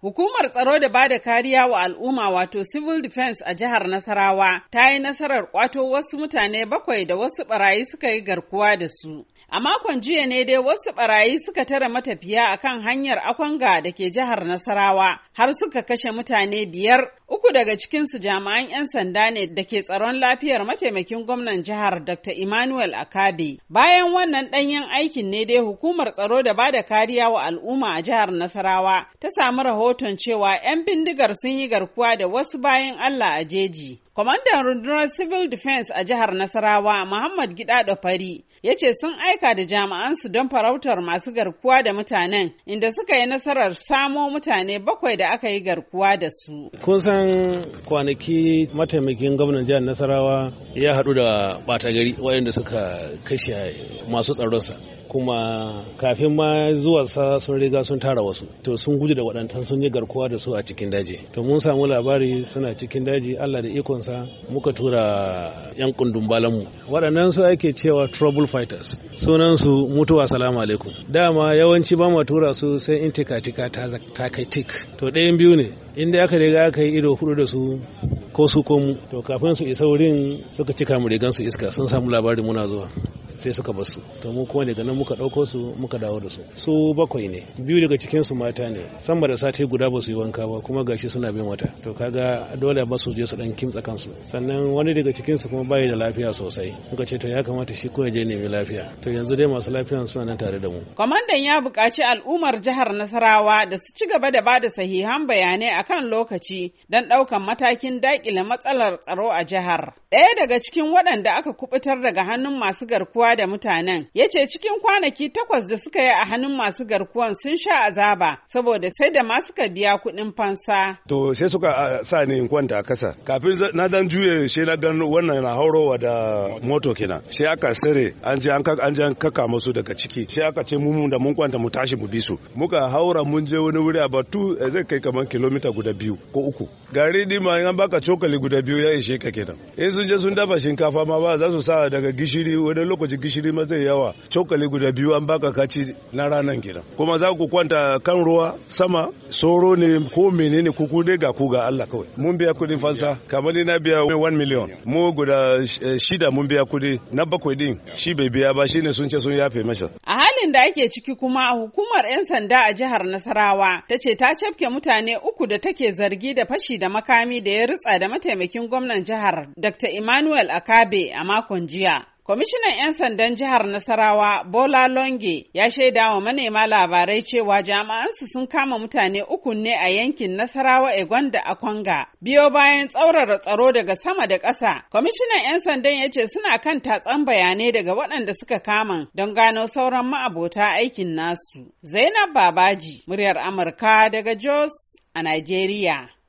Hukumar tsaro da ba da kariya wa al'umma wato civil defense a jihar Nasarawa ta yi nasarar kwato wasu mutane bakwai da wasu barayi suka yi garkuwa da su. A makon jiya ne dai wasu barayi suka tare matafiya a kan hanyar Akwanga da ke jihar Nasarawa har suka kashe mutane biyar Uku daga cikinsu jami'an 'yan sanda ne da ke tsaron lafiyar mataimakin gwamnan jihar Dr. Emmanuel Akabe. Bayan wannan ɗanyen aikin ne dai hukumar tsaro da ba da kariya wa al'umma a jihar Nasarawa ta samu rahoton cewa 'yan bindigar sun yi garkuwa da wasu bayan Allah a jeji. Kwamandan rundunar Civil Defense a jihar Nasarawa, Muhammad Gidado Fari, ya ce sun aika da jami'ansu don farautar masu garkuwa da mutanen, inda suka yi nasarar samo mutane bakwai da aka yi garkuwa da su. Kun san kwanaki mataimakin gwamnan jihar Nasarawa ya haɗu da ɓata gari waɗanda suka kashe masu tsaronsa. kuma kafin ma zuwa sa sun riga sun tara wasu to sun guji da waɗantan sun yi garkuwa da su a cikin daji to mun samu labari suna cikin daji Allah da ikonsa muka tura yan kundun balanmu waɗannan su ake cewa trouble fighters sunan su mutuwa salamu alaikum dama yawanci ba ma tura su sai in tika ta kai tik to ɗayan biyu ne inda aka riga aka yi ido hudu da su ko su ko mu to kafin su isa wurin suka cika mu rigan su iska sun samu labari muna zuwa sai suka bar su to mu kuma daga nan muka dauko su muka dawo da su su bakwai ne biyu daga cikin su mata ne sama da sati guda ba su yi wanka ba kuma gashi suna bin wata to kaga dole ba su je su dan kimtsa kansu sannan wani daga cikin su kuma bai da lafiya sosai muka ce to ya kamata shi ko ya je nemi lafiya to yanzu dai masu lafiyan suna nan tare da mu kwamandan ya buƙaci al'ummar jihar Nasarawa da su ci gaba da bada sahihan bayanai akan lokaci don ɗaukan matakin daƙile matsalar tsaro a jihar ɗaya daga cikin waɗanda aka kubutar daga hannun masu garkuwa garkuwa da mutanen ya ce cikin kwanaki takwas da suka yi a hannun masu garkuwan sun sha azaba saboda sai da ma suka biya kuɗin fansa. To sai suka sa ni in kwanta a kasa kafin na dan juye shi na gano wannan na haurowa da moto kenan shi aka sare an je an kaka musu daga ciki shi aka ce mu da mun kwanta mu tashi mu bi su muka haura mun je wani wuri a batu eh, zai kai kamar kilomita guda biyu ko uku gari ma an baka cokali guda biyu ya ishe ka kenan in sun je sun dafa shinkafa ma ba za su sa daga gishiri wani lokaci lokaci gishiri ma zai yawa cokali guda biyu an baka kaci na ranan kenan kuma za ku kwanta kan ruwa sama soro ne ko menene kuku dai ga ku ga Allah kawai mun biya kudin fansa kamar na biya 1 million mu guda eh, shida mun biya kudi na bakwai din shi bai biya ba shine sun ce sun yafe masa a halin da ake ciki kuma hukumar 'yan sanda a jihar Nasarawa ta ce ta cafke mutane uku da take zargi da fashi da makami da ya ritsa da mataimakin gwamnan jihar Dr. Emmanuel Akabe a makon jiya. Kwamishinan 'yan sandan jihar Nasarawa Bola Longe ya shaida wa manema labarai cewa jami'ansu sun kama mutane uku ne a yankin Nasarawa Egon da Akwanga. Biyo bayan tsaurara tsaro daga sama da ƙasa, kwamishinan 'yan sandan ya ce suna kan tatsan bayanai daga waɗanda suka kama don gano sauran ma'abota aikin nasu. Zainab Babaji, muryar Amurka daga Jos a Najeriya.